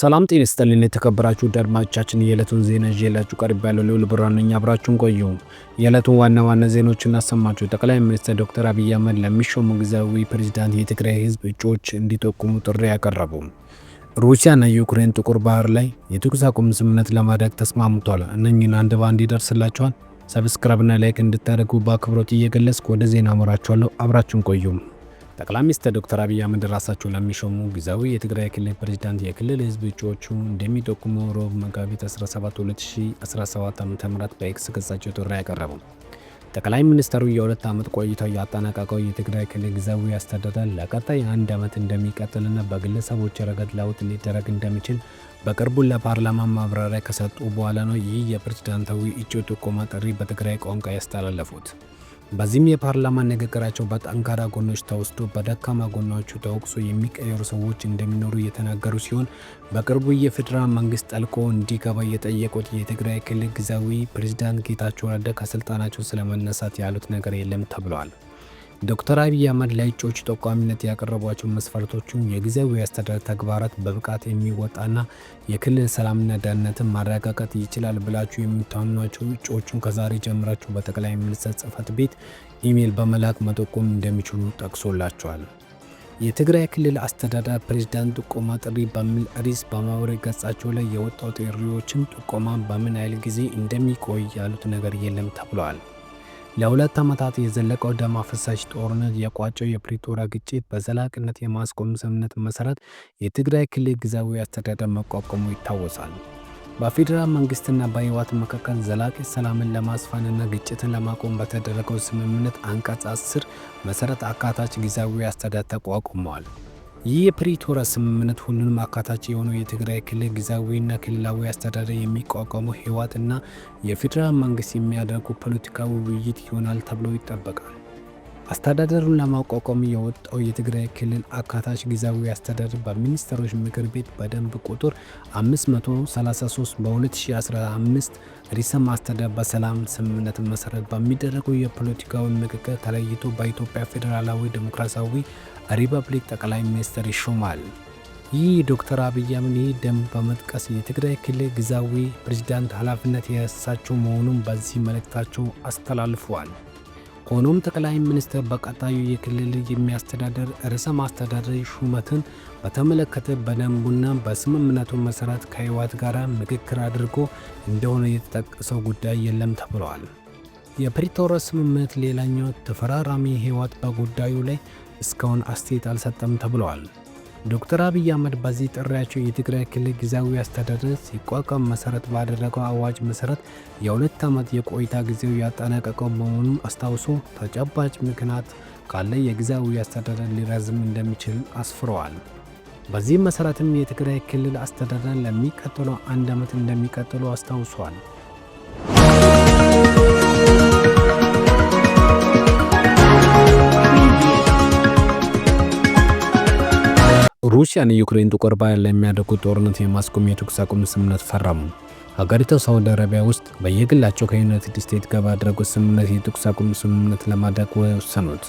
ሰላም ጤና ይስጥልን የተከበራችሁ አድማጮቻችን፣ የዕለቱን ዜና ይዤላችሁ ቀርቤያለሁ። ልዑል ብርሃን ነኝ። አብራችሁን ቆዩ። የዕለቱን ዋና ዋና ዜናዎች እናሰማችሁ። ጠቅላይ ሚኒስትር ዶክተር አብይ አህመድ ለሚሾሙ ጊዜያዊ ፕሬዚዳንት የትግራይ ህዝብ እጩዎች እንዲጠቁሙ ጥሪ ያቀረቡ። ሩሲያና የዩክሬን ጥቁር ባህር ላይ የተኩስ አቁም ስምምነት ለማድረግ ተስማምቷል። እነኝን አንድ ባንድ ይደርስላችኋል። ሰብስክራብና ላይክ እንድታደርጉ በአክብሮት እየገለጽኩ ወደ ዜና አመራችኋለሁ። አብራችሁን ቆዩም ጠቅላይ ሚኒስትር ዶክተር አብይ አህመድ ራሳቸውን ለሚሾሙ ጊዜያዊ የትግራይ ክልል ፕሬዚዳንት የክልል ህዝብ እጩዎቹ እንደሚጠቁመው ሮብ መጋቢት 17 2017 ዓ.ም በኤክስ ገጻቸው ጥሪ ያቀረቡ ጠቅላይ ሚኒስትሩ የሁለት ዓመት ቆይታው ያጠናቀቀው የትግራይ ክልል ጊዜያዊ አስተዳደር ለቀጣይ አንድ ዓመት እንደሚቀጥልና በግለሰቦች ረገድ ለውጥ ሊደረግ እንደሚችል በቅርቡ ለፓርላማ ማብራሪያ ከሰጡ በኋላ ነው ይህ የፕሬዚዳንታዊ እጩ ጥቆማ ጥሪ በትግራይ ቋንቋ ያስተላለፉት። በዚህም የፓርላማ ንግግራቸው በጠንካራ ጎኖች ተወስዶ በደካማ ጎናዎቹ ተወቅሶ የሚቀየሩ ሰዎች እንደሚኖሩ እየተናገሩ ሲሆን በቅርቡ የፌዴራል መንግስት ጠልቆ እንዲገባ የጠየቁት የትግራይ ክልል ጊዜያዊ ፕሬዚዳንት ጌታቸው ረዳ ከስልጣናቸው ስለመነሳት ያሉት ነገር የለም ተብለዋል። ዶክተር አብይ አህመድ ለእጩዎች ጠቋሚነት ያቀረቧቸው መስፈርቶቹም የጊዜያዊ አስተዳደር ተግባራት በብቃት የሚወጣና የክልል ሰላምና ደህንነትን ማረጋገጥ ይችላል ብላችሁ የሚታምኗቸው እጩዎቹን ከዛሬ ጀምራችሁ በጠቅላይ ሚኒስትር ጽህፈት ቤት ኢሜይል በመላክ መጠቆም እንደሚችሉ ጠቅሶላቸዋል። የትግራይ ክልል አስተዳደር ፕሬዝዳንት ጥቆማ ጥሪ በሚል ርዕስ በማህበራዊ ገጻቸው ላይ የወጣው ጥሪዎችም ጥቆማ በምን ያህል ጊዜ እንደሚቆይ ያሉት ነገር የለም ተብለዋል። ለሁለት ዓመታት የዘለቀው ደም አፋሳሽ ጦርነት የቋጨው የፕሪቶሪያ ግጭት በዘላቂነት የማስቆም ስምምነት መሰረት የትግራይ ክልል ጊዜያዊ አስተዳደር መቋቋሙ ይታወሳል። በፌዴራል መንግስትና በህወሓት መካከል ዘላቂ ሰላምን ለማስፈንና ግጭትን ለማቆም በተደረገው ስምምነት አንቀጽ 10 መሠረት አካታች ጊዜያዊ አስተዳደር ተቋቁመዋል። ይህ የፕሪቶሪያ ስምምነት ሁሉንም አካታች የሆነው የትግራይ ክልል ጊዜያዊና ክልላዊ አስተዳደር የሚቋቋመው ህወሓትና የፌዴራል መንግስት የሚያደርጉ ፖለቲካዊ ውይይት ይሆናል ተብሎ ይጠበቃል። አስተዳደሩን ለማቋቋም የወጣው የትግራይ ክልል አካታች ጊዜያዊ አስተዳደር በሚኒስትሮች ምክር ቤት በደንብ ቁጥር 533 በ2015 ርዕሰ መስተዳድር በሰላም ስምምነት መሰረት በሚደረገው የፖለቲካዊ ምክክር ተለይቶ በኢትዮጵያ ፌዴራላዊ ዴሞክራሲያዊ ሪፐብሊክ ጠቅላይ ሚኒስትር ይሾማል። ይህ ዶክተር አብይ አህመድ ይህ ደንብ በመጥቀስ የትግራይ ክልል ጊዜያዊ ፕሬዝዳንት ኃላፊነት የእሳቸው መሆኑን በዚህ መልእክታቸው አስተላልፈዋል። ሆኖም ጠቅላይ ሚኒስትር በቀጣዩ የክልል የሚያስተዳደር ርዕሰ ማስተዳደር ሹመትን በተመለከተ በደንቡና በስምምነቱ መሰረት ከህወሓት ጋር ምክክር አድርጎ እንደሆነ የተጠቀሰው ጉዳይ የለም ተብለዋል። የፕሪቶሪያ ስምምነት ሌላኛው ተፈራራሚ ህወሓት በጉዳዩ ላይ እስካሁን አስተያየት አልሰጠም ተብለዋል። ዶክተር አብይ አህመድ በዚህ ጥሪያቸው የትግራይ ክልል ጊዜያዊ አስተዳደር ሲቋቋም መሰረት ባደረገው አዋጅ መሰረት የሁለት ዓመት የቆይታ ጊዜው ያጠናቀቀው መሆኑን አስታውሶ ተጨባጭ ምክንያት ካለ የጊዜያዊ አስተዳደር ሊረዝም እንደሚችል አስፍረዋል። በዚህም መሰረትም የትግራይ ክልል አስተዳደር ለሚቀጥለው አንድ ዓመት እንደሚቀጥሉ አስታውሷል። ሩሲያን ዩክሬን ጥቁር ባህር ላይ የሚያደርጉት ጦርነት የማስቆም የተኩስ አቁም ስምምነት ፈረሙ። ሀገሪቱ ሳውዲ አረቢያ ውስጥ በየግላቸው ከዩናይትድ ስቴትስ ጋር ባደረጉት ስምምነት የተኩስ አቁም ስምምነት ለማድረግ ወሰኑት።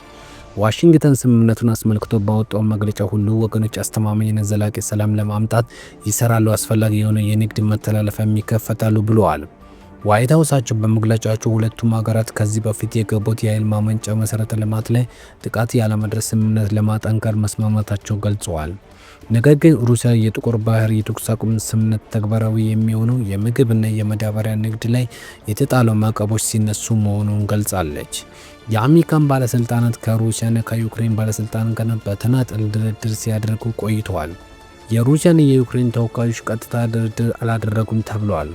ዋሽንግተን ስምምነቱን አስመልክቶ ባወጣው መግለጫ ሁሉ ወገኖች አስተማማኝና ዘላቂ ሰላም ለማምጣት ይሰራሉ፣ አስፈላጊ የሆነ የንግድ መተላለፊያ ይከፈታሉ ብለዋል። ዋይት ሀውሳቸው በመግለጫቸው ሁለቱም ሀገራት ከዚህ በፊት የገቡት የኃይል ማመንጫ መሰረተ ልማት ላይ ጥቃት ያለመድረስ ስምምነት ለማጠንከር መስማማታቸው ገልጸዋል። ነገር ግን ሩሲያ የጥቁር ባህር የተኩስ አቁም ስምምነት ተግባራዊ የሚሆነው የምግብና የመዳበሪያ ንግድ ላይ የተጣለው ማዕቀቦች ሲነሱ መሆኑን ገልጻለች። የአሜሪካን ባለስልጣናት ከሩሲያና ከዩክሬን ባለስልጣናት ጋር በተናጠል ድርድር ሲያደርጉ ቆይተዋል። የሩሲያን የዩክሬን ተወካዮች ቀጥታ ድርድር አላደረጉም ተብለዋል።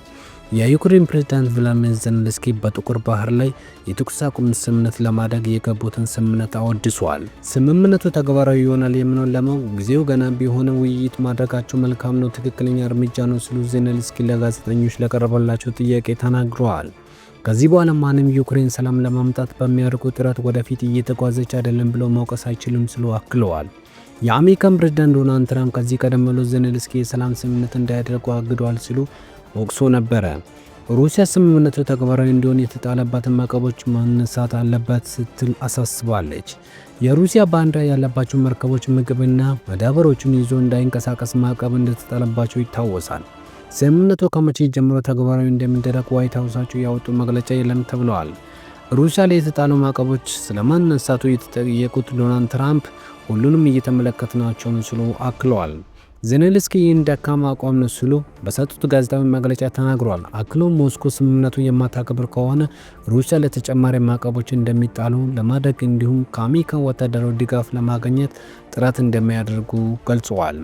የዩክሬን ፕሬዝዳንት ቭላድሚር ዘለንስኪ በጥቁር ባህር ላይ የተኩስ አቁም ስምምነት ለማድረግ የገቡትን ስምምነት አወድሷል። ስምምነቱ ተግባራዊ ይሆናል የምነው ለመው ጊዜው ገና ቢሆን ውይይት ማድረጋቸው መልካም ነው፣ ትክክለኛ እርምጃ ነው ሲሉ ዜለንስኪ ለጋዜጠኞች ለቀረበላቸው ጥያቄ ተናግረዋል። ከዚህ በኋላ ማንም ዩክሬን ሰላም ለማምጣት በሚያደርጉ ጥረት ወደፊት እየተጓዘች አይደለም ብለው መውቀስ አይችልም ሲሉ አክለዋል። የአሜሪካን ፕሬዝዳንት ዶናልድ ትራምፕ ከዚህ ቀደም ብሎ ዜለንስኪ የሰላም ስምምነት እንዳያደርጉ አግደዋል ሲሉ ወቅሶ ነበረ። ሩሲያ ስምምነቱ ተግባራዊ እንዲሆን የተጣለባትን ማዕቀቦች ማንሳት አለባት ስትል አሳስባለች። የሩሲያ ባንዲራ ያለባቸው መርከቦች ምግብና መዳበሮችን ይዞ እንዳይንቀሳቀስ ማዕቀብ እንደተጣለባቸው ይታወሳል። ስምምነቱ ከመቼ ጀምሮ ተግባራዊ እንደሚደረግ ዋይት ሀውሳቸው ያወጡ መግለጫ የለም ተብለዋል። ሩሲያ ላይ የተጣሉ ማዕቀቦች ስለማነሳቱ የተጠየቁት ዶናልድ ትራምፕ ሁሉንም እየተመለከትናቸው ሲሉ አክለዋል። ዘነልስኪ ይህን ደካማ አቋም ነው ሲሉ በሰጡት ጋዜጣዊ መግለጫ ተናግሯል። አክሎ ሞስኮ ስምምነቱ የማታከብር ከሆነ ሩሲያ ለተጨማሪ ማዕቀቦች እንደሚጣሉ ለማድረግ እንዲሁም ከአሜሪካ ወታደራዊ ድጋፍ ለማግኘት ጥረት እንደሚያደርጉ ገልጸዋል።